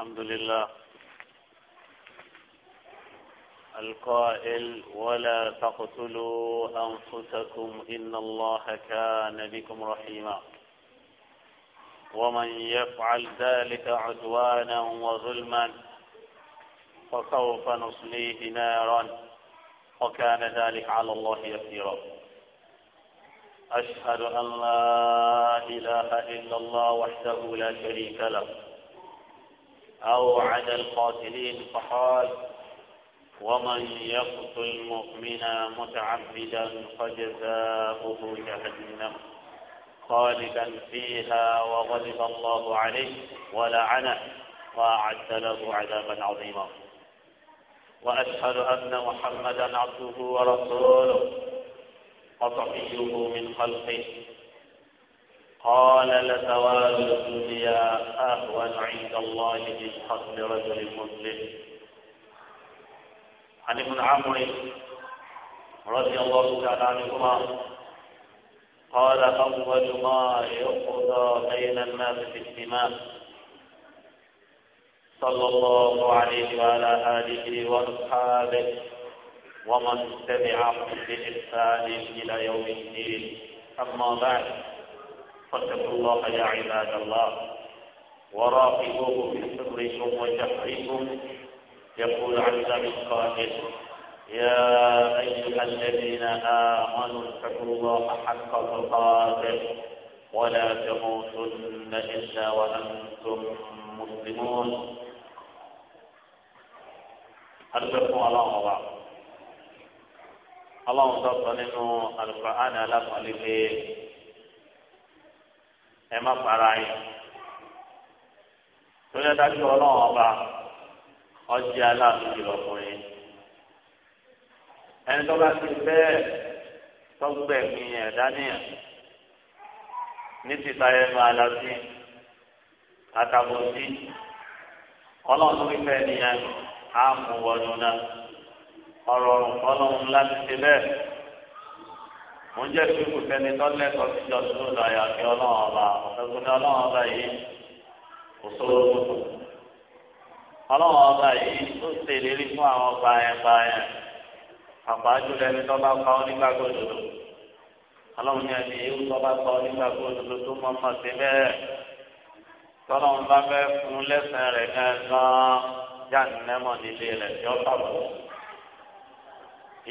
الحمد لله القائل ولا تقتلوا أنفسكم إن الله كان بكم رحيما ومن يفعل ذلك عدوانا وظلما فسوف نصليه نارا وكان ذلك على الله يسيرا أشهد أن لا إله إلا الله وحده لا شريك له أو على القاتلين فقال ومن يقتل مؤمنا متعبدا فجزاؤه جهنم خالدا فيها وغضب الله عليه ولعنه وأعد له عذابا عظيما وأشهد أن محمدا عبده ورسوله وصفيه من خلقه قال لثواب الدنيا أهون عند الله من قتل رجل مسلم عن ابن عمرو رضي الله تعالى عنهما قال أول ما يقضى بين الناس في الدماء صلى الله عليه وعلى آله وأصحابه ومن تبعهم بإحسان إلى يوم الدين أما بعد فاتقوا الله يا عباد الله وراقبوه في سركم وجهركم يقول عز من قائل يا أيها الذين آمنوا اتقوا الله حق تقاته ولا تموتن إلا وأنتم مسلمون أرجوكم الله الله الله سبحانه القرآن لكم ẹ má para yín torí ẹ dájú ọlọ́run ọba ọjì ala lọkùnrin ẹni tó bá ti bẹ́ẹ̀ tọ́gbẹ̀mí ẹ̀dá nìyẹn ní títa ẹnu alábí àtàbọ̀sí ọlọ́run wípé nìyẹn á mú wọnú náà ọ̀rọ̀ ọlọ́run láti ṣe bẹ́ẹ̀. mo jẹ́ ṣíkù sẹ́ni tọ́lẹ́kọ̀ọ́ sí ọdún lọ́dọ̀ àyàfi ọlọ́run ọba ọ̀sẹ̀kùnrin ọlọ́run ọba yìí kò sóró mọ́tò ọlọ́run ọba yìí ó ṣe ìlérí fún àwọn báyẹn báyẹn àpáájú lẹni tó bá pa ọ́ nígbà gbòdòdó ọlọ́run ní ẹni yìí tó bá pa ọ́ nígbà gbòdòdó tó mọ̀ mọ̀ sí bẹ́ẹ̀ tọ́lọ́run bá fẹ́ fún lẹ́sẹ̀ rẹ̀ gan-an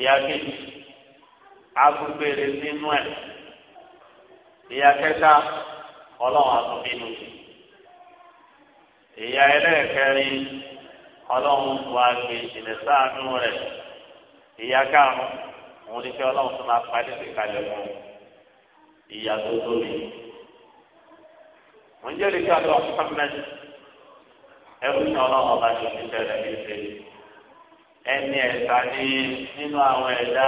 jáde agbègbèrè nínú ẹ̀ ìyá kẹta ọlọ́run àtúnbínú ìyá ẹlẹ́ẹ̀kẹrin ọlọ́run wà gbé ìṣẹ̀lẹ̀ sáànù rẹ̀ ìyá ka òun ní kí ọlọ́run tó máa padì sí kalẹ̀ fún ìyá tó tóbi. wọ́n jẹ́ ní ọba tó ti tẹ̀lé ní ẹni ní nínú àwọn ẹ̀dá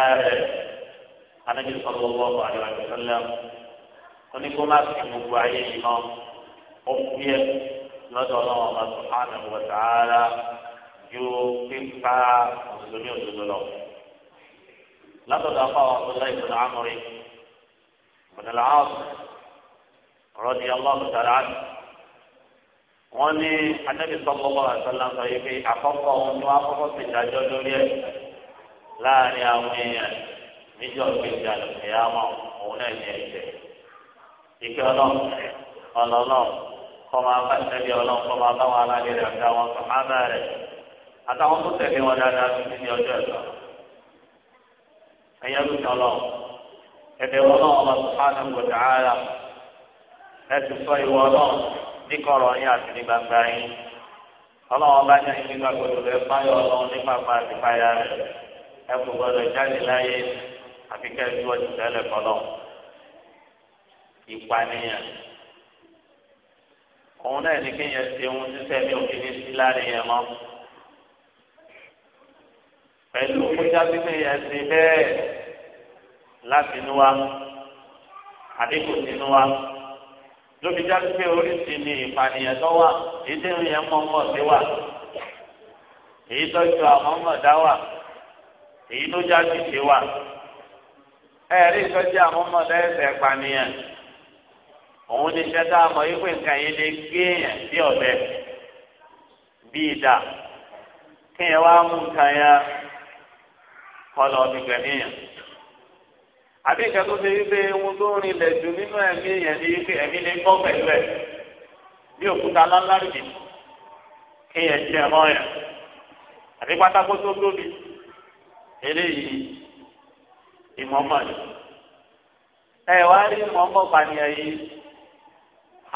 anabi sọlọ lọwọ àdìwà ìṣẹ̀lẹ̀ oníkó má fi gbogbo ayé yìí mọ ọkùnrin lọ́dọ̀ Ọlọ́run ọba sùhánà wọtàrà ju pípa mùsùlùmí òdodo lọ látọ̀dọ̀ afáwọn ọdún ìbùdó amúrí ìbùdó làwọn rọdí Ọlọ́run tàrà wọn ní anabi sọlọ lọwọ àṣẹlẹ sọ yìí pé àkọ́kọ́ ohun tí wọn àkọ́kọ́ sì lórí ẹ láàrin àwọn èèyàn. níjọ́ kejì àlùkìyàmọ̀ òun náà ní ẹ̀jẹ̀ ike ọlọ́run ọlọ́run kọ́ máa bá ìtẹ́lẹ̀ ọlọ́run kọ́ máa bá wọn alálẹ́ rẹ̀ àti àwọn sọ̀hábà rẹ̀ àtàwọn tó tẹ̀lé wọn dáadáa títí ní ọjọ́ ẹ̀sọ́ ló ẹ̀dẹ̀ ọlọ́run gbọ̀dọ̀ ara ti sọ ìwọ ọlọ́run ní kọ̀rọ̀ yín àti ní gbangba yín ọlọ́run nígbà gbọdọ̀ àfi kẹ́ẹ̀dú ọ̀jù tẹ́lẹ̀ kọ́lọ́ ìpànìyàn òun náà ní kéèyàn ṣe ohun títẹ̀ ní òkè ní sí láàrin yẹn mọ́ pẹ̀lú kójá pípé yẹn ṣe bẹ́ẹ̀ láti inú wa àdínkù sínú wa lóbi já pípé oríṣi ni ìpànìyàn tó wà èyí tó yẹn mọ́ mọ́ sí wa èyí tó ju àwọn dá wa èyí tó já sí ṣe wa. ẹ̀rí ìtọ́jú àmọ́mọ́dá ẹ̀sẹ̀ pànìyàn òun ní iṣẹ́ tá a mọ̀ yí pé nǹkan yìí lè gé èèyàn bí ọ̀bẹ bí ìdà kéèyàn wá mú nǹkan yẹn kọ́ lọ bí gbẹ̀míyàn àbí ìka tó ṣe wípé ohun tó ń rinlẹ̀ jù nínú ẹ̀mí èèyàn ni wípé ẹ̀mí lè gbọ́ pẹ̀lú ẹ̀ bí òkúta lálárìbì jẹ́ yẹn àbí pátákó tó tóbi eléyìí. ìmọ̀mọ̀ ni ẹ wá rí ìmọ̀mọ̀ pànìyàn yìí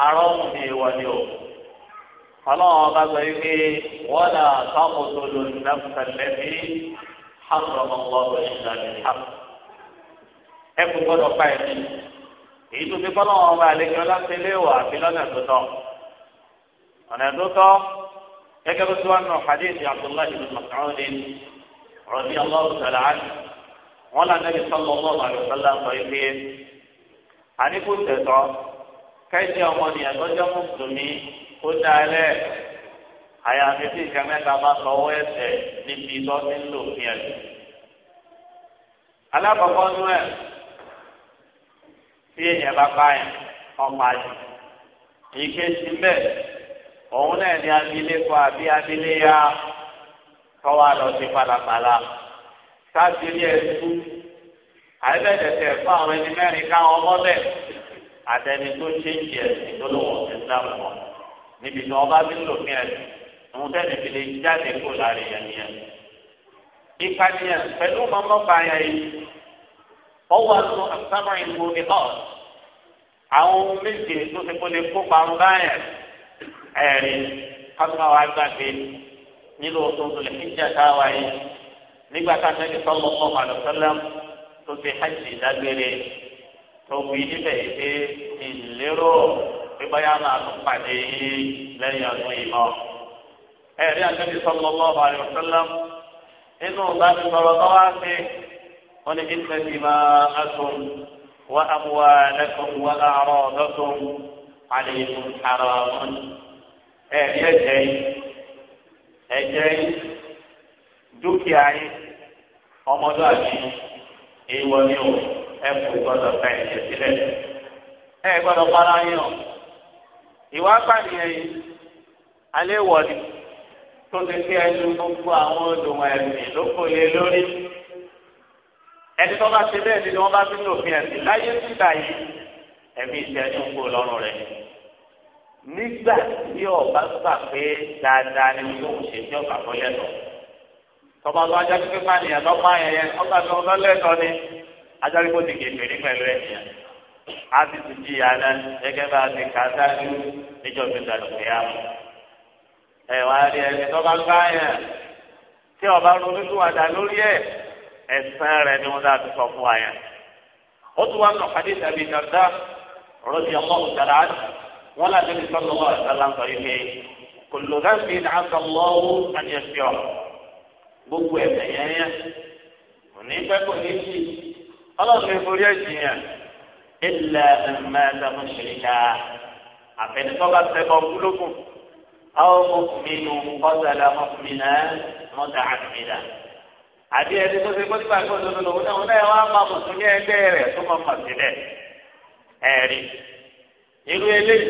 àrọ́ ní ìwọ ni o ọlọ́run ọba sọ yìí pé wọ́n dà sọ́kòtò lónìí náà fẹ̀lẹ́ bí hàtọ́mọ̀ lọ́dọ̀ ìgbà ní hàp. ẹ kò gbọ́dọ̀ pa ẹ̀mí èyí tó fi kọ́lọ́ ọba àlejò ọlọ́sẹ̀lẹ̀ wà àfi lọ́nà tó ọ̀nà tó tọ́ gẹ́gẹ́ bí tí nù hadith abdullahi bin mas'ud rọ̀bí allah ṣàlàyé wọn là nẹbi sọlọ ọlọrun àlùfẹlẹ sọ ife àníkù tẹtọ kẹjẹ ọmọnìyàn tọjọ mùsùlùmí ó dá ẹ lẹ àyàfi tí nǹkan mẹ́ta bá sọwọ ẹsẹ níbi tó ti ń lò ní ẹsẹ alákọọkọ nú ẹ tí èèyàn bá bá yẹn ọmọ àjò ìkejì mbẹ òun náà ní abilékọ àbí abiléya tọwọ àlọ sí pàlàpàlà sáàsì ní ẹtú àìbẹ̀dẹ̀tẹ̀ fún àwọn ẹni mẹ́rin káwọn ọmọ bẹ̀ àtẹni tó ṣe ń jẹ ìdólówó ìsìlámù wọn níbi tí wọn bá fi ń lò fún ẹsìn òun tẹ́lẹ̀ fi lè jáde kó lára èèyàn nìyẹn. ìpànìyàn pẹ̀lú mọ́mọ́fà yẹn yìí wọ́n wá tó àtàmọ́ ìlú ní ọ̀ àwọn ohun méje tó ti kó lè kó parun báyẹn ẹ̀rí kásùmáwá gbàgbé nílò tó ń tó lè fi jẹ́ káwá yìí nígbà tá a nẹ́bi sọ́mọ́ fún ọmọ àlùfẹ́lẹ́ tó fi hajj dágbére tó wí níbẹ̀ yìí pé ìlérò pípáyà máa tún pàdé lẹ́yìn ọdún ìmọ̀. ẹ̀rí àtẹ́bi sọ́mọ́ fún ọmọ àlùfẹ́lẹ́ inú bá ti sọ̀rọ̀ tó sí wọn ni kí n tẹ̀sí máa aṣọ wa amuwa lẹ́kọ̀ọ́ wa àárọ̀ lọ́tọ̀ àlejò àrọ̀ ọ̀hún. ẹ̀rí ẹ̀jẹ̀ ẹ̀jẹ̀ dúkìá yín ọmọdé àti ìwọ ni o ẹ kò gbọ́dọ̀ fẹ ẹ̀jẹ̀ sílẹ̀ ẹ gbọ́dọ̀ para yín o ìwà pàdéyẹ yìí alẹ́ wọlé tó ti fi ẹnu gbogbo àwọn olùwọ̀n ẹ̀mí ló kò lé lórí ẹni tó bá ṣe bẹ́ẹ̀ ni wọ́n bá fi ń lòfin ẹ̀sìn láyé síta yìí ẹ̀mí ìṣẹ́jú ń kó lọ́rùn rẹ̀ nígbà tí ọba gbà pé dáadáa ni wọ́n ṣe tí ọba kọ́ lẹ́tọ̀ọ́ tọba lọ ajá pípé má nìyà lọ́mọ ayẹyẹ ọgbà tó lọ́lẹ́tọ̀ ni ajá pípé ti kéde ní pẹ̀lú ẹ̀yà á ti tún jí ìyá náà gẹ́gẹ́ bá a ti kà á sáájú níjọ́ gbèsè àlùkìyà mọ́. ẹ wá rí ẹni tọ́ba gbá yẹn tí ọba ronú tó wà dá lórí ẹ̀ ẹ̀sán rẹ̀ ni wọ́n dáa sọ fún wa yẹn. ó tún wá nọ kàdé tàbí dàda rọ́bì ọmọ òjàlá wọn láti ní sọ́dọ̀ gbogbo ẹ̀mẹ̀ yẹn yẹn òní pẹ́ kò ní sí ọlọ́run ní forí ẹ̀sìn yẹn ilẹ̀ ẹ̀mẹ́ ẹ̀dàmú ṣèlíkà àfẹnusọ́ bá fẹ́ kọ́ kúlókùn àwọn ọmọkùnrin nù kọ́sàlẹ̀ ọmọkùnrin náà mọ́tà àtìmílà àbí ẹni tó ṣe kó nípa ìkó òdodo lòun wọn náà wọn á máa mùsùlùmí ẹgbẹ́ rẹ̀ tó máa mọ̀ sílẹ̀ ẹ̀rí irú eléyìí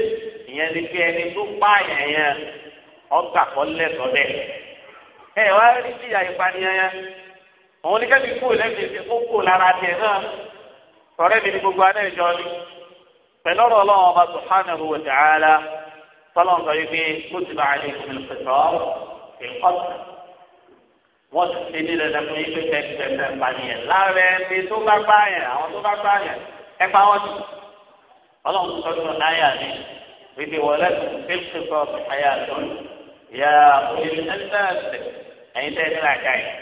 ìyẹn ni pé ẹni tó pààyàn yẹn ọgbà kọ́ lẹ́sọ̀ọ́ bẹ́ẹ̀ ẹ wá rí sí ìyá ìpànìyàn yẹn òun ní kẹ́mi kú lẹ́bi ti kó kó lára tiẹ̀ náà sọ̀rọ̀ mi ni gbogbo aná ìjọ ni pẹ̀lú ọ̀rọ̀ ọlọ́run ọba subhanahu wa ta'ala tọ́lọ́n sọ yìí pé kó ti bá a lè fi pẹ̀tọ́ ìkọ́sì wọ́n ti ṣe ní dandan fún yín pé tẹ̀sítẹ̀sẹ̀ ìpànìyàn lára ẹni tó bá bá yẹn àwọn tó bá bá yẹn ẹ pa ti ọlọ́run sọ fún náírà ni wípé wọlé fi pẹ̀tọ́ ìyá òyìnbó ẹ̀yin tẹ́ ní làjà yìí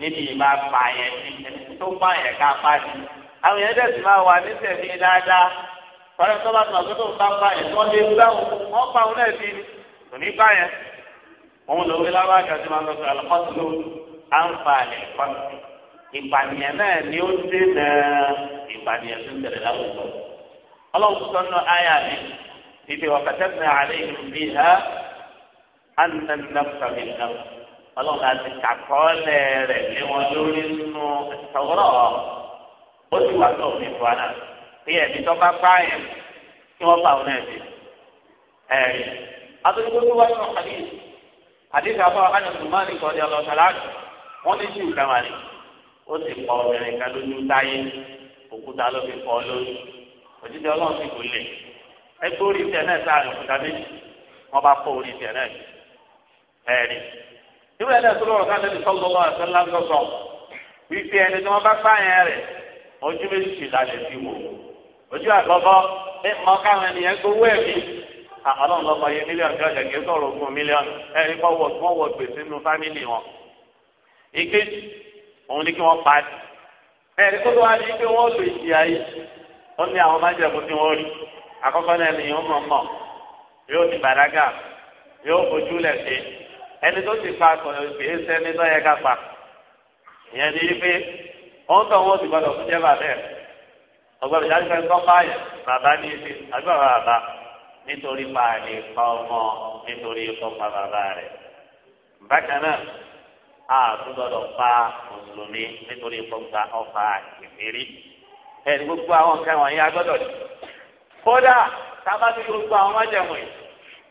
níbi ìmọ̀ apá yẹn ní tó bá yẹn ká pa sí. àwọn yẹn tẹ̀sí máa wà ní tẹ̀sí dáadáa fọlọ́ tó bá tó àgbẹ̀ tó bá pa yẹn tó lé gbáwò wọ́n pa òun náà sí kò ní bá yẹn. òun ló wí lábá àjọṣe máa lọ sí alùpàṣẹ àǹfààní ìpàdé ìpànìyàn náà ni ó dé náà ìpànìyàn tó ń tẹ̀lé láwùjọ. ọlọ́run sọ nù áyà mi ìdè wàkàtẹ́ ọlọ́run la ti kàkọ́ọ́lẹ̀ rẹ̀ lé wọn lórí nínú ìtọ́wọ́rọ̀ ó sì wà tó mi fún àná bí ẹ̀mí tó bá bá yẹn kí wọ́n bá wọn ẹ̀mí ẹ̀rí. àtúntò tó wáyé wọn kàdé àdéhùn àbọ̀ ànàmùmáàlì kọ́ni ọlọ́sàlájú wọ́n ní sí ìdáwà ni ó sì pọ̀ obìnrin kan lójú táyé òkúta ló fi pọ̀ lójú òjijì ọlọ́run sì kò lè ẹgbẹ́ orí tiẹ̀ náà sáà òkúta méjì wọ́n bá kó orí tiẹ̀ náà ẹ̀rí irú ẹ̀ lẹ́sọ̀ lọ́rọ̀ káàdé ní sọ́ọ̀lù lọ́wọ́ àti ńláńtọ́ sọ wípé ẹni tí wọ́n bá pààyàn rẹ̀ ojú méjì sì lálẹ́ fi wò ojú àkọ́kọ́ ẹ mọ káwọn ènìyàn gbowó ẹ̀mí àwọn ọlọ́mọ yẹ mílíọ̀nù tí ọjà kìí sọ̀rọ̀ ogún mílíọ̀nù ẹ̀rí kọ́ wọ̀ wọ́n wọ gbèsè nínú fámìlì wọn. ìkejì òun ni kí wọ́n pa á sí. ẹ̀rí kó tó wá ní pé wọ́n lò ìsì ayé ó ní àwọn májèkú tí wọ́n rí àkọ́kọ́ náà ni yóò mọ̀ mọ̀ yóò ti bàdágà yóò fojú lẹ̀ sí ẹni tó ti pa akọ̀yọ̀ kì í sẹ́ni tó yẹ ká pa ìyẹn ni pé wọ́n tọ̀ wọ́n ti gbọ́dọ̀ fún jẹ́ bàbá ẹ̀ ọgbọ́dọ̀ yá sẹ́ni tó pààyàn bàbá ní ibi àbí bàbá bàbá nítorí pààyàn pa ọmọ nítorí ikọ́ pa bàbá rẹ̀ bákan náà àtúgbọ́dọ̀ pa mùsùlùmí nítorí ikọ́ gba ọfà ìmírí ẹni gbogbo àwọn kẹwọn yẹn agbọ́dọ̀ kódà tábàbí gbogbo àwọn májẹ̀mú yìí.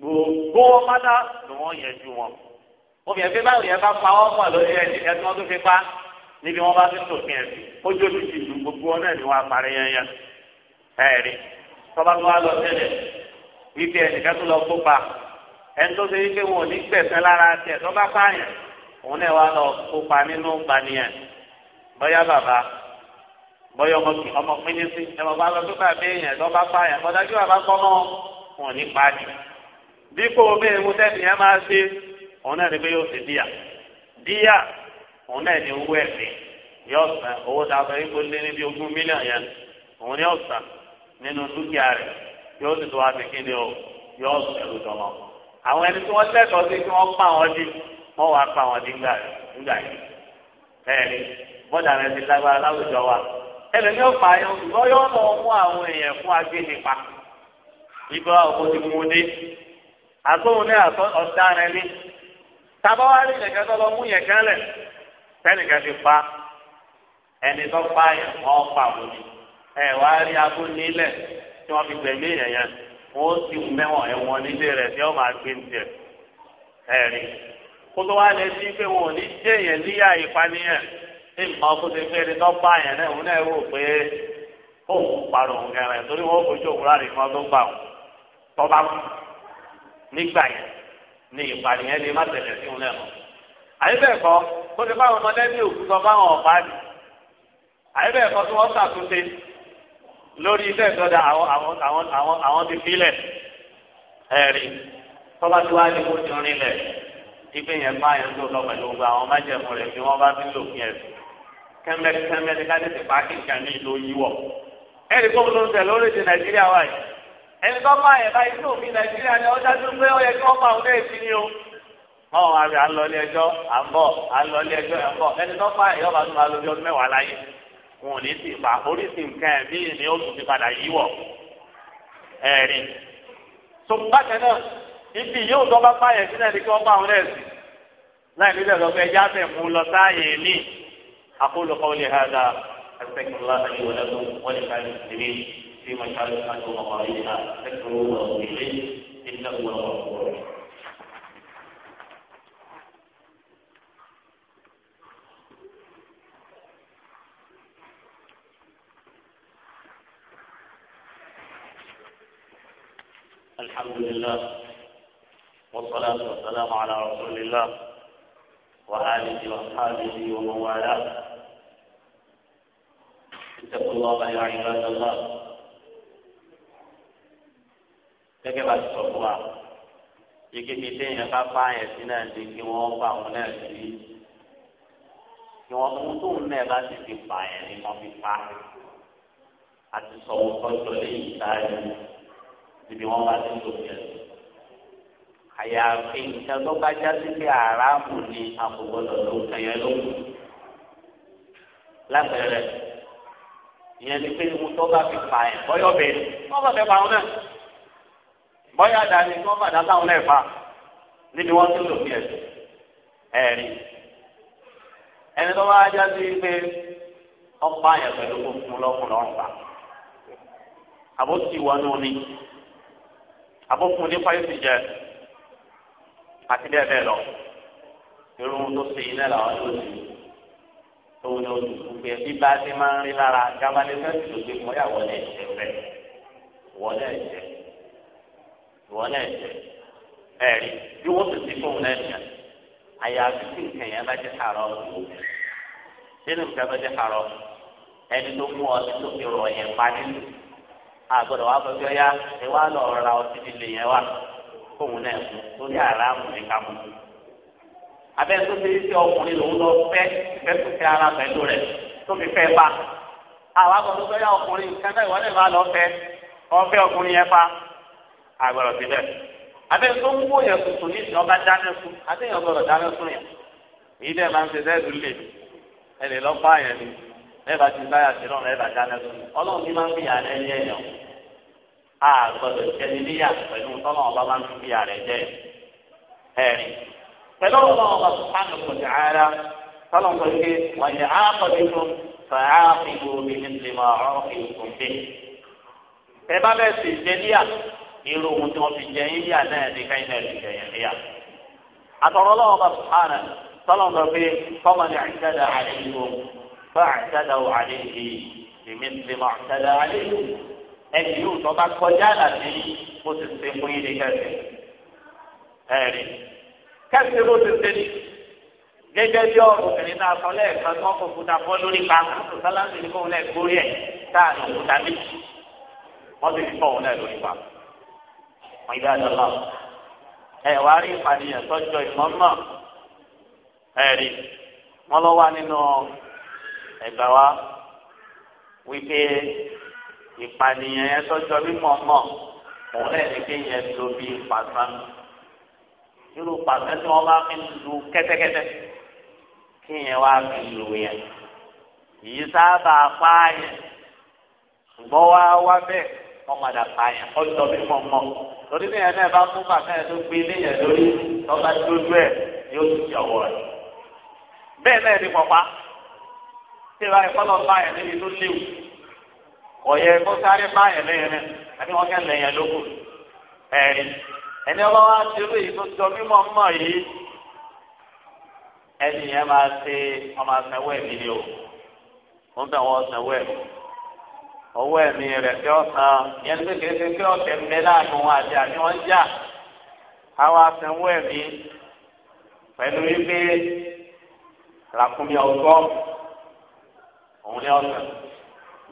gbogbo wọn ni wọ́n yẹjú wọn obìnrin pé báwo yẹn bá pa wọn lórí ẹni ẹni wọ́n tó fi pa níbi wọ́n bá fi sòfin ẹbí ojú ti ti lu gbogbo wọn ni wọ́n apari yẹnyẹ ẹẹri tọba tó wá lọ tẹ́lẹ̀ wípé ẹnìkan tó lọ kópa ẹni tó ṣe wípé wọn ò ní gbẹ̀sẹ̀ lára tiẹ̀ tọba pààyàn òun náà wá lọ kópa nínú gbaniyàn bóyá bàbá bóyá ọmọ kì ọmọ pínín sí lọ tó bàbá èèyàn tọba pààyàn kọjá kí bàbá kọ́ mọ́ wọn ò ní pààyàn dípò bẹ́ẹ̀ mo tẹ́sí yẹn máa ṣe òun náà ni pé yóò ṣe díà díà òun náà ni owó ẹ̀sìn yóò san owó tá a sọ yìí kó lé níbi ogún mílíọ̀n yẹn òun yóò san nínú dúkìá rẹ̀ yóò sì tó wá sí kí ni o yóò sùn ẹ̀rù tọ̀mọ̀ àwọn ẹni tí wọ́n lẹ́tọ̀ọ́ sí kí wọ́n pa wọn dì wọ́n wá pa wọn dì ńgbà yìí ẹ̀rí bọ́dà rẹ̀ ti lágbára láwùjọ wa ẹlẹ́ni ọ̀pá yọ yọ lọ mú àwọn èèyàn fún agbẹ́nipa ìgbà òkú ti mú un dé àtọ́wọn náà àtọ́ ọ̀daràn ni tabawa rí nìkan tó lọ mú yẹn kan lẹ̀ sẹ́nìkan ti pa ẹni tó pa yẹn wọ́n pa wò ni ẹ wá rí abó nílẹ̀ tí wọ́n fi gbẹ̀mí yẹn yẹn wọ́n ti mẹ́wọ̀n ẹ̀wọ̀n nílé rẹ̀ tí wọ́n máa gbé ń tẹ̀ ẹ̀ rí kótó wá lè sí pé wọn ò ní jẹ́ yẹn líyà ìpaniyàn ní ìmọ̀ kó ti fẹ́ ẹni tó pa yẹn náà òun náà rò pé òun parọ́ òun kẹrin torí wọ́n fojú nígbà yẹn ní ìpànìyàn lè má tẹ̀lé sí wọn lẹ́nu. àyẹ̀bẹ̀ kọ́ kó ti báwọn ọmọdé ní òkúta báwọn ọ̀pá ni àyẹ̀bẹ̀ kọ́ tí wọ́n ṣàtúnṣe lórí iṣẹ́ ìtọ́jà àwọn ti filẹ̀ ẹ̀rí tọ́ba tí wàá ní kó ti rin lẹ̀ ibi yẹn bá yẹn tó lọ pẹ̀lú gbogbo àwọn májẹ̀mú rẹ̀ tí wọ́n bá fi lò fún ẹ̀sìn kẹ́mẹ́kẹ́mẹ́ ní ká tètè pàákì kan ní ìlú yíwọ̀ ẹ̀rí kó ló ń tẹ̀ lórí ti Nàìjíríà wáyé ẹni tó bá yẹ báyìí tó mi nàìjíríà ni ọjà tó pé ó yẹ kí wọn pa òun náà ni o. báwọn wá rí alọlé ẹjọ́ à ń bọ̀ alọlé ẹjọ́ à ń bọ̀ ẹni tó bá yẹ ọba tó máa lójú ọdún mẹ́wàá láyé wọn ò ní sì pa oríṣi nǹkan ẹ̀ bí ni ó tún ti padà yí wọ̀ ẹ̀rín. tó bákan náà ibi yóò tó bá bá yẹ sí náà ni kí wọn pa òun náà sí láì nílẹ̀ lọ́gbẹ́ ẹja fẹ́ mú lọ sáàyè في مشارقها ومغاربها ذكره وتوفيقه انه هو الغفور الرحيم الحمد لله والصلاة والسلام على رسول الله وآله وأصحابه ومن والاه اتقوا الله يا عباد الله gẹ́gẹ́ bá ti sọ fún wa yékéyé téèyàn bá bá yẹn sí náà di kí wọ́n bá wọn náà sí kí wọ́n ohun tó ń náà bá ti fi pa yẹn ni wọ́n fi pa àti sọ wọn tọ́jú lẹ́yìn ìtajà níbi wọ́n bá ti lò yẹn. àyàfi nǹkan tó bá já sí pé àràmù ni àkókòdọ̀ tó kàn yẹn ló kù. lábẹ́rẹ́ ìyẹn ni pé ohun tó bá fi pa yẹn bọ́yọ̀ bẹ́ẹ̀ ni wọ́n bá fẹ́ pa wọn náà bọ́yá dání tí wọ́n bàdá táwọn lẹ́ẹ̀fà níbi wọ́n tó lò ní ẹ̀sìn ẹ̀rí ẹni tó wá ajá sí pé ọ̀pá yẹn pẹ̀lú gbogbo lọ́kùnrin ọ̀pá àbótí wọnú ni àbókùn nípa yóò ti jẹ àti bẹ́ẹ̀ bẹ́ẹ̀ lọ irun tó ṣe iná làwọn tó ṣe òun ni olùkú pé bí bá ti máa ń rí lára jábálẹ̀ fẹ́ẹ́ tó ṣe fún ìyàwó ẹ̀ jẹ́ bẹ́ẹ̀ wọ́n ìwọ náà jẹ ẹrí bí wọn sì ti fóun náà jẹ àyàfi tí nǹkan yẹn bá jẹ àrọ òkú nínú nǹkan bá jẹ àrọ ẹni tó mú ọtí tó fi rọ yẹn pa nínú àgbọ́dọ̀ wa fẹ́ fẹ́ ya ẹ wá lọ ra ọtí líle yẹn wa fóun náà mú torí àrà mú ní ká mú abẹ́ tó ti ṣe ọkùnrin lòun lọ fẹ́ fẹ́ tó fi ara pẹ̀lú rẹ̀ tó fi fẹ́ pa àwọn àgbọ́dọ̀ fẹ́ ya ọkùnrin kẹ́kẹ́ ìwọ́n lè lọ fẹ́ ọfẹ́ ọkùnrin yẹn pa. agbọ̀rọ̀ ti bẹ́ẹ̀ abẹ́ tó ń tuntun ní ọba dáná fún adéyàn gbọ́dọ̀ dáná fún yẹn èyí dẹ́ máa ń ṣe sẹ́ẹ̀dù lè ẹ lè lọ bá yẹn ni lẹ́ẹ̀bà ti báyà sí náà lẹ́ẹ̀bà dáná fún ọlọ́run máa ń rẹ ní a níyà ọba máa ń fìyà rẹ jẹ ọba sùpánù kò ara gbòmìnir irú ohun tí wọ́n fi jẹ yín yà náà ní káyìn náà fi jẹ yẹn níyà. àtọ̀rọ̀ ọlọ́wọ́ bá sùhánà tọ́lọ̀ sọ pé kọ́mọ ní àìsàdà àlejò bá àìsàdà ò àlejò èmi ti mọ àìsàdà àlejò ẹni yóò tọ́ bá kọjá àlàsí bó ti ṣe fún yín ní kẹsì. ẹ̀rí kẹsì bó ti ṣe gẹ́gẹ́ bí ọ̀rọ̀ obìnrin náà sọ lẹ́ẹ̀kan tó kò fúta lórí pa kókò sáláńsì ìdá àdọ́lá ẹ wá rí ìpànìyàn tọ́jọ́ ìmọ̀ọ́mọ̀ ẹ rí wọn lọ wá nínú ẹgbà wa wípé ìpànìyàn yẹn tọ́jọ́ mímọ̀ọ́mọ̀ òun náà ní kéèyàn tó bí pàṣán irú pàṣán tí wọ́n bá fi lu kẹ́tẹ́kẹ́tẹ́ kéèyàn wá fi lu yẹn yìí sábà pààyàn ṣùgbọ́n wá wá bẹ́ẹ̀ wọn padà pààyàn ọjọ́ bí wọn mọ torí bí ẹni ẹ bá mú bàtà ẹ tó gbé léyìn lórí ọba dúdú ẹ yóò tún jẹ ọwọ́ rẹ̀ bẹ́ẹ̀ náà ni pọpá tí ìbá ẹkọ lọ báyẹn níbi tó léwu ọyẹ kó sáré báyẹn lẹ́yìn rẹ̀ àbí wọn kẹ lẹ́yìn lóko ẹni ẹni ọba wa ti rú èyí tó jọ mímọ mọ yìí ẹni yẹn máa ṣe ọmọ àtẹwẹ mi ni o wọn bẹ wọn àtẹwẹ mi owó ẹ̀mí rẹ̀ kí ọ san yẹn tó kéde kí ọ̀tẹ̀ ń bẹ láàánú wọn àti àní wọn jà àwọn afẹ́wọ́ ẹ̀mí pẹ̀lú wípé làkúnmí ọgọ́ òun ni, ọ̀sán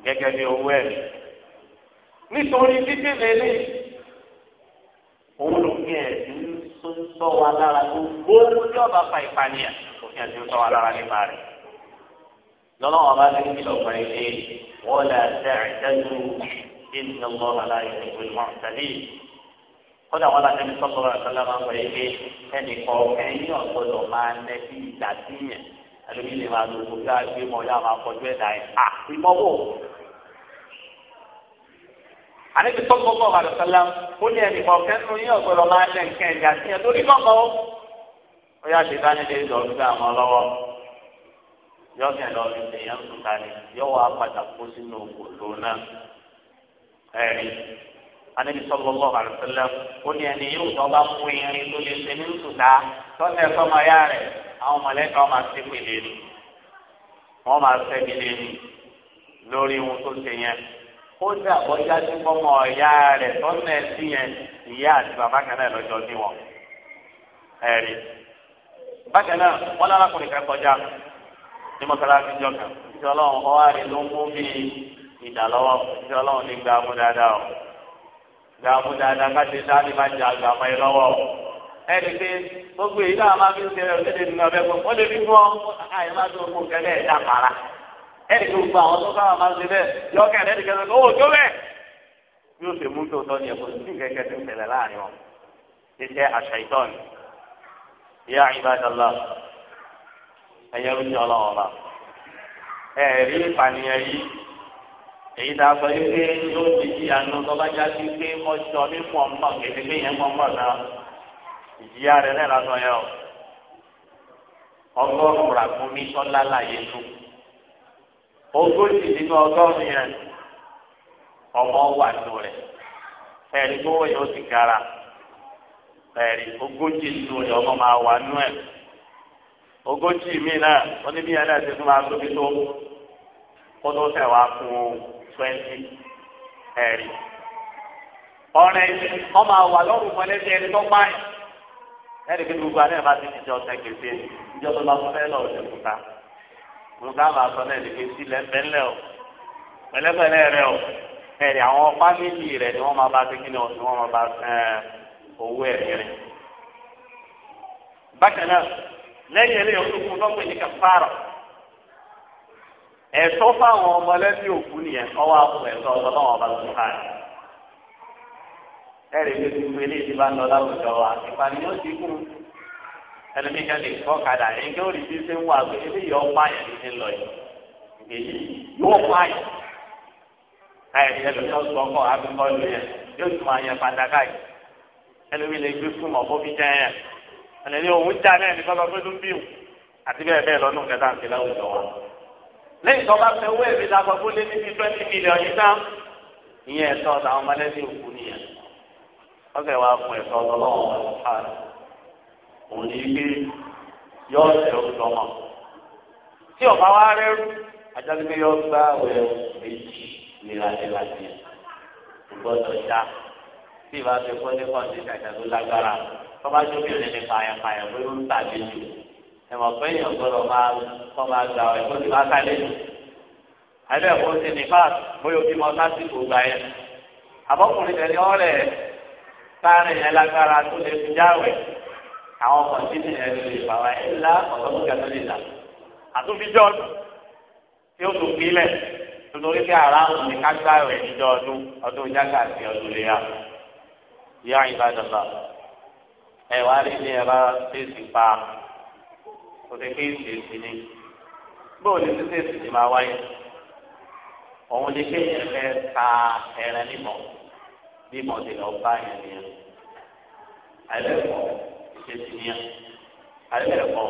gẹ́gẹ́ bí owó ẹ̀mí nítorí títí lélẹ̀ òun ló fi ẹ̀sìn sọ wa lára gbogbo ní ọba fa ìpànìyàn òfin ẹ̀sìn sọ wa lára nípa rẹ̀ lọ́lọ́wọ́ bá ti kí lọ́kọ̀ ilé wọ́n lè tẹ̀síwájú ìdílé lọ́wọ́ aláìsí ìwé mọ̀tàlí. kódà wọn láti ní sọ́kọ̀ rẹ̀ sọ́lá máa ń pè é ẹnì kọ̀ọ̀kan ní ọ̀gbọ́dọ̀ máa ń nẹ́ sí ìgbà sí yẹn ẹlòmí lè máa lo òkú yá gbé mọ́ yá máa kọjú ẹ̀dá yẹn à ìmọ̀wò. àníbi sọ́kọ̀ bọ̀ rẹ̀ sọ́lá ọ̀gbọ́dọ̀ máa ń yọ kẹ lọ rí èèyàn tún ta ni yọ wà padà kó sínú kòtò náà ẹrí anabi sọlọlọ àlùfẹlẹ ó ní ẹni yóò tọ́ bá mú irin tó lè ṣe ní tùtà tọ́lá ẹ̀fọ́ máa yá rẹ̀ àwọn mọ̀lẹ́kà wọn máa ṣe pèlè ni wọ́n máa ṣe pèlè ni lórí ohun tó ṣe yẹn ó dé àbọ̀já tí fọ́mọ ọ̀yá rẹ̀ tọ́lá ẹ̀sìn yẹn ìyá àti bàbá kan lọ́jọ́ bí wọn ẹ̀rí bákan náà wọ́n lára kùnìkan ní mọ́sálásí jọ̀kan ìṣẹ́ ọlọ́run ọwọ́ àrí ló ń mú bí ìdà lọ́wọ́ ìṣẹ́ ọlọ́run ní gbàmú dáadáa o gbàmú dáadáa káṣí sáàlì máa jà gbàmọ́ ẹ lọ́wọ́ ẹni pé gbogbo èyí náà máa fi ń ṣẹlẹ̀ òṣèlè nínú ọbẹ̀ fún ọ lè fi fún ọ àyè má tó kó kẹlẹ́ ẹ̀dá para ẹni tó gba àwọn tó bá wà máa ń ṣe bẹ́ẹ̀ yọkẹ́ ẹni kẹlẹ́ ẹ̀yẹ ń yọ ọlọ́run ọba ẹ̀rí ìpànìyàn yìí èyí tá a sọ yìí pé yóò di ìyá nù lọ́bàjá sí pé ọjọ́ ní pọ̀npọ̀ kékeré yẹn pọ̀npọ̀ náà ìjìyà rẹ̀ náà lọ́sọ̀ yẹn o ọgọ́rùn-ún ràkúnmí tó ogójì nínú yẹn ọmọ wà yóò ti gara ogójì ogójì mi náà wọ́n ní bí yẹn náà ti tún máa tóbi tó kó tó tẹ̀ wá fún twenty ẹ̀rí. ọ̀rẹ́ wọ́n máa wà lọ́rùn mọ́lẹ́sí ẹni tó pààyàn ẹni pé gbogbo alẹ́ bá ti ti jọ ọ̀sẹ̀ kété ìjọ tó bá fẹ́ lọ ọ̀sẹ̀ kúta nǹkan máa sọ náà nìkan sí lẹ́ńpẹ́lẹ́ o pẹ̀lẹ́pẹ̀lẹ́ rẹ o ẹ̀rí àwọn fámìlì rẹ ni wọ́n máa bá ti kíni ọ̀sìn wọ́n máa bá owó ẹ̀rí rẹ. bákan náà lẹ́yìn eléyìí ó tún kún tó ń pè ní kàfàrà ẹ̀tọ́ fáwọn ọmọlẹ́bí òkú nìyẹn e àpò ẹ̀tọ́ ọlọ́wọ́ ọba tó ká rẹ̀ ẹ̀rí pé gbogbo eléyìí ti bá ń lọ láwùjọ wa ìpàdé yóò ti kú ẹlẹ́mí kẹ́lẹ́ ìfọ́kadà yẹn kí ó rí bí ṣe ń wà pé eléyìí yẹn ti ń lọ yìí yóò pa yẹn káyọ̀ ẹlòmí ọ̀sùn ọkọ̀ abẹ́kọ̀ọ́lù yẹn yóò àlẹ́lẹ́ òun já náà nípa bá gbẹ́dún bíu àti bẹ́ẹ̀ bẹ́ẹ̀ lọ́nà kẹta àti láwùjọ wa. lẹ́yìn tó bá fẹ́ owó èmi ta gbọ́ lé níbi twenty million yìí tán ìyẹn ẹ̀tọ́ ọ̀tà àwọn ọmọlẹ́sìn òkú nìyẹn. ọ̀sẹ̀ wa fún ẹ̀tọ́ ọlọ́wọ́ òun ní ilé yọ ọ̀sẹ̀ òkúta ọmọ. tí ọ̀pá wa rẹ́rú ajálùmí yọ gbá wẹ̀ méjì nílànìlànì ìgbọ́dọ̀ já tí ìbá fi kọ́ ní tọ́ba jókè lè ní pààyàn pààyàn pé ó ń tàbí ju ẹ̀mọ̀ pé èèyàn gbọ́dọ̀ máa kọ́ máa gbà ọ̀ ẹ̀kọ́ ti bá kálẹ̀ jù àbẹ́ ẹ̀kọ́ ti ní fáàs bóyá òbí mọ sásìkò gbà yẹn àbọ̀kùnrin tẹ̀lé ọ̀rẹ́ sáárín yẹn lágbára tó lè fi jáwé àwọn ọkọ̀ tí ní ẹ̀rọ lè fà wá ẹ̀ ńlá ọ̀tọ̀ tó kẹ́ tó lè là àtúnfi jọ́ọ̀dù tí ó tún pílẹ̀ nítorí pé ara ń ní kágbá rẹ̀ níjọ́ ọdún ọdún jágà àti ọdún léyà yá ìbàdàn bàbá ẹ wá rí ní ẹ̀rọ fèsì pa òde kéèsì èsì ni bóò ní títí èsì ti máa wáyé òun ni kéèyàn fẹ́ ta ẹran nímọ̀ nímọ̀ ti lọ bá yẹn nìyẹn àìlẹ́kọ̀ọ́ ìṣesì nìyẹn àìlẹ́kọ̀ọ́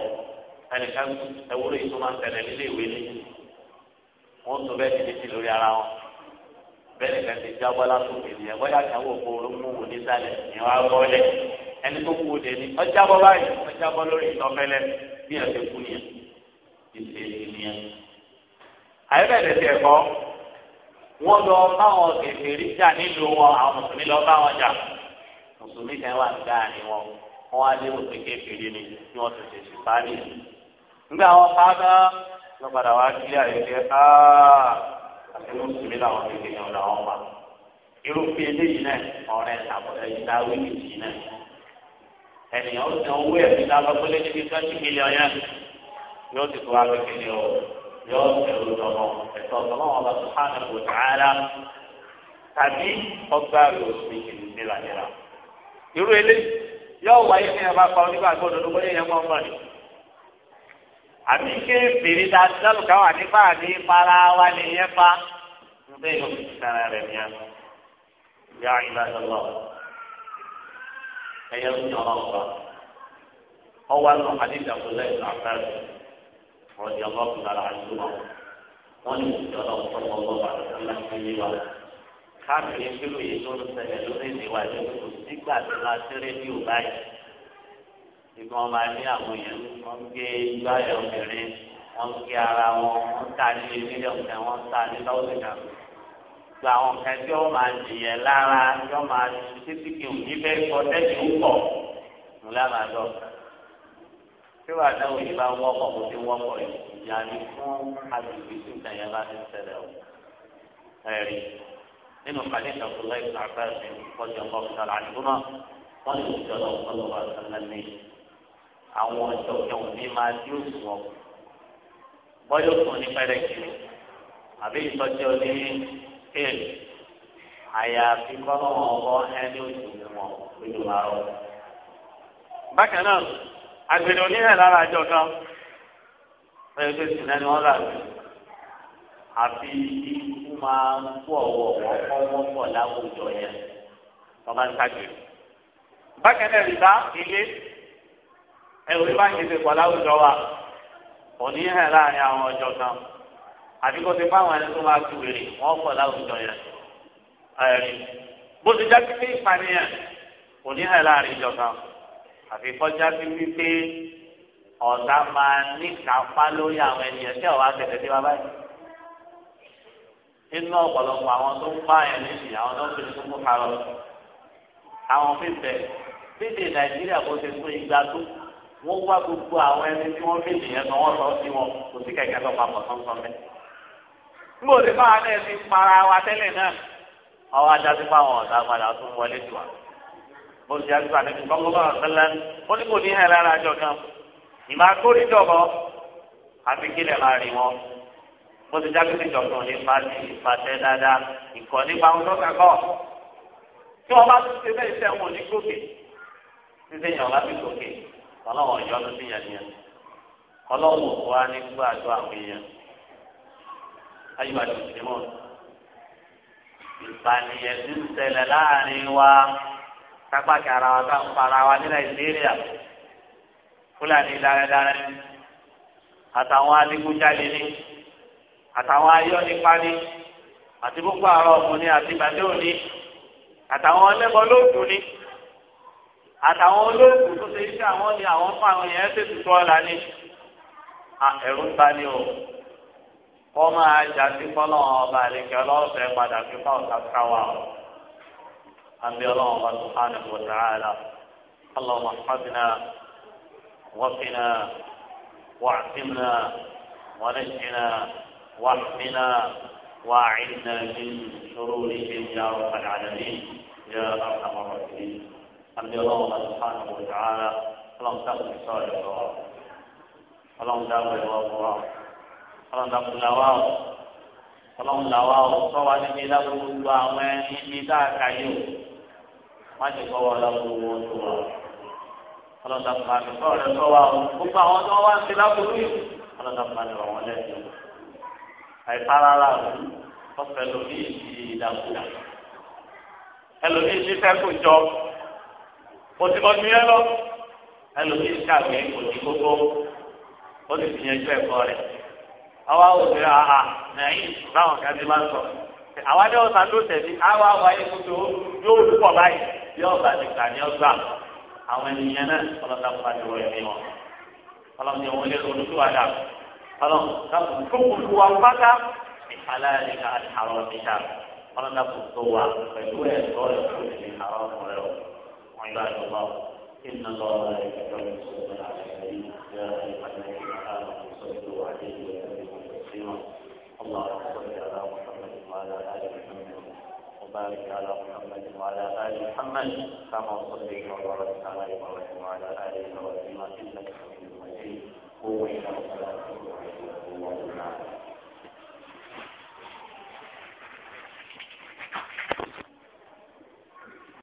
ẹnìkan ẹwúrò yìí tó máa ń tẹ̀lé nílé ìwé ni wọ́n tún bẹ́ẹ̀ ti di ti lórí ara wọn bẹ́ẹ̀ nìkan ti jábọ́ lásòkè nìyẹn bóyá kan wò kó o mú wò nísàlẹ̀ ìyẹn wá gbọ́ lẹ̀ ẹni tó kú dé ní ọjà bọ báyìí ọjà bọ lórí ìtọ́fẹ́lẹ́ bí ẹ̀ ṣe kú nìyẹn ìṣe nìyẹn. àyẹ̀bẹ̀rẹ̀ ti ẹ̀kọ́ wọ́n lọ báwọn kèfèrí jà nílùú wọn àwọn mùsùlùmí lọ báwọn jà mùsùlùmí kan wà láàrin wọn wọn wá lé òpin kèfèrí ni bí wọ́n tètè sì bá ní. nígbà wọn bá bá lọ padà wá sílé àyẹ̀kẹ́ àti mùsùlùmí làwọn kékeré làwọn wà irúfẹ́ eléyìí náà ọ̀rẹ́ àbọ̀dá ìdáwé nìyí náà ẹnìyàn ó ti owó ẹ̀mí lábọ́gbọ́lé níbi twenty million yẹn yóò ti tó abẹ́kẹ́ ni o yóò ẹ̀rù lọ́mọ ẹ̀tọ́ ọ̀sọ́mọ́ ọba sùhánù kò tààrà tàbí ọgbà rẹ̀ oṣù méjì nílànìlà. irú ilé yóò wáyé ní ẹ̀fà kan nígbà tó dodo bóyá yẹn mọ́ mọ́ ni. àbí ké bèrè dáadáa káwà nípa àbí para wa ni yẹn pa ń bẹ́ẹ̀ yóò fi sára rẹ̀ ní ẹ̀yẹ ń yọ ọlọ́ọ̀gbà ọwọ́ àlọ́ àdìsí àbúlẹ̀ àbẹ́rẹ́ ọ̀rọ̀dì ọlọ́ọ̀gbà lára àdúgbò wọn ni òkè ọlọ́ọ̀gbà ọlọ́ọ̀gbà àdúgbò ní wa káàkiri kílò yìí tó ń ṣẹlẹ̀ lórí ìdíwà yìí kò sígbà tí wọn ti rédíò báyìí ìgbà wọn máa ní àwọn èèyàn wọn gé gbáyà obìnrin wọn gé ara wọn wọn ta ní mílíọ̀nù kan wọn ta ní lọ́wọ́ gba àwọn nǹkan tí wọ́n máa jìyàn lára tí wọ́n máa títí kí òní fẹ́ kọ́ tẹ́sí ń pọ̀ mo lára lọ. tí wàá dáwọ́ yìí bá wọ́pọ̀ kó tí wọ́pọ̀ ìyá ni fún agbègbè tí nǹkan yẹn bá ti ṣẹlẹ̀ o. ẹ̀rí nínú pàdé ìṣàkóso ìgbà àbẹ́rẹ́ ìkọjọ ọkọ̀ àdúgbò wọ́n lè jọ lọ sọ́lọ́wọ́ àtàlẹ́ àwọn ọjọ́ ìjọba ní máa dí òṣùwọ̀n bọ́yọ̀ fún ní pẹ́rẹ́ àbí ìtọ́jú ọdún ìlú àyàfi kọ́nà ọ̀bọ ẹni oṣù wọn lójú àárọ̀. bákan náà àgbèrè oníhẹ̀ lára àjọ kan wọ́n yẹ kó sì náà ni wọ́n rà mí àfi ikú máa ń kú ọ̀wọ̀ ọ̀pọ̀ wọ́pọ̀ láwùjọ yẹn wọ́n máa ń ṣàgbèrè. bákan náà rìbá ilé ẹ̀rù bá ń ṣe pọ̀ láwùjọ wa oníhẹ̀ láàrin àwọn ọjọ́ kan àti kó ti fáwọn ẹni tó máa tu wèrè wọn pọ̀ láwùjọ yẹn ẹ̀rí bó ti já pípé ìpànìyàn kò ní hàn láàrin ìjọba àfi kọjá pípé pé ọ̀tá máa ní kápá lórí àwọn ènìyàn tí ọ̀wá tẹ̀lé sí bàbá yìí inú ọ̀pọ̀lọpọ̀ àwọn tó ń bá ẹ̀ nísìnyí àwọn tó ń bèrè fún kúkàrọ̀ àwọn fífẹ́ fídíì nàìjíríà kò ti fún igba tó wọ́n wá gbogbo àwọn ẹni tí wọ́n fídíì yẹn tó wọ́n sọ sí wọn kò sí kẹ̀kẹ́ tó papọ̀ sọ́nsọ́n níbo ní báwa náà ti para wa tẹ́lẹ̀ náà ọwọ́ adájú fáwọn ọ̀tá padà tó wọlé jù wá bó ti àgbà ní gbogbo bá ọ̀sẹ̀lẹ̀ ó ní kò ní hẹ̀ lára àjọ kan ìmọ̀ akórí dọ̀bọ̀ àfi kílẹ̀ máa rìn wọn bó ti jáde ti jọ̀kan ní pàṣẹ ìpàṣẹ dáadáa ìkọ̀ nípa ohun tó kakọ́ tí wọ́n bá ti ṣe bẹ́ẹ̀ iṣẹ́ ní gòkè títí yàn bá gòkè ọlọ́wọ̀n yọ ayọ̀ àdìsímọ̀ ìpànìyàn ti ń ṣẹlẹ̀ láàrin wa kápákí ara wa ká ń para wa ní nàìjíríà fúlàní dáradára àtàwọn adigunjalè ni àtàwọn ayọ́nipa ni àti gbogbo àrọ̀ ọkùnrin àti bàtẹ́ òní àtàwọn ọlẹ́bọ lóògùn ni àtàwọn olóògùn tó ṣe iṣẹ́ àwọn ni àwọn fún àwọn yẹn ṣètùtù ọ̀la ni ẹ̀rù ń bani o kọ́ máa jà sí fọ́nà ọba àlejò ọlọ́ọ̀fẹ́ padà fi fọ́ ọ̀tá káwa o. àbí ọlọ́run bá tó hánà kò tààlà اللهم احفظنا وقنا واعتمنا ونجنا واحمنا واعنا من شرورهم يا رب العالمين يا ارحم الراحمين àbí ọlọ́run bá tó hánà kò tààlà اللهم تغفر صالح اللهم دعوة الله ọlọ́dà kùlà wà ó ọlọ́run là wà ó sọ́wọ́ níbi lábúrú lu àwọn ẹni ibi tá a kà yìí ó má ti kọ́ wọ́n lábúrú wọn tó wà ó ọlọ́dà kùlà mi kọ́ ọ̀rẹ́ sọ́wọ́ ó gbogbo àwọn tó wá sí lábúrú yìí ọlọ́dà kùlà mi rọ̀ wọ́n lẹ́sìn àìfárárà ọ̀fẹ́ lórí ìdí ìdàkùlà ẹlòmíì ti fẹ́ kó jọ òtí ọdún yẹn lọ ẹlòmíì ti àgbẹ̀ òtí gbogbo ó sì fi yẹn ju ẹ̀kọ́ rẹ̀ àwa ò bẹ̀rẹ̀ àhà nàìjíríà báwọn kan ti máa ń sọ àwa ní ọ̀sán ló tẹ̀lé àwa wa ìkútó yóò pọ̀ báyìí yóò bá ti kà ní ọgbà àwọn ènìyàn náà ọlọ́dà fún àdúrà ẹ̀mí wọn ọlọ́dà ni wọ́n lé olùkú àdá ọlọ́dà fún kókòkò wa pátá ìhàlá ẹ̀ka àti àwọn ọ̀dẹ́ta ọlọ́dà fún tó wà pẹ̀lú ẹ̀kọ́ ẹ̀kọ́ ìdílé àwọn ọ̀rẹ́ wọn ìgbà tó bá إن الله لا يكفر الصدق على الكريم يا أيها اللهم صل على محمد وعلى ال محمد وبارك على محمد وعلى ال محمد كما صليت وباركت على ابراهيم وعلى ال ابراهيم انك حميد مجيد قوم الصلاه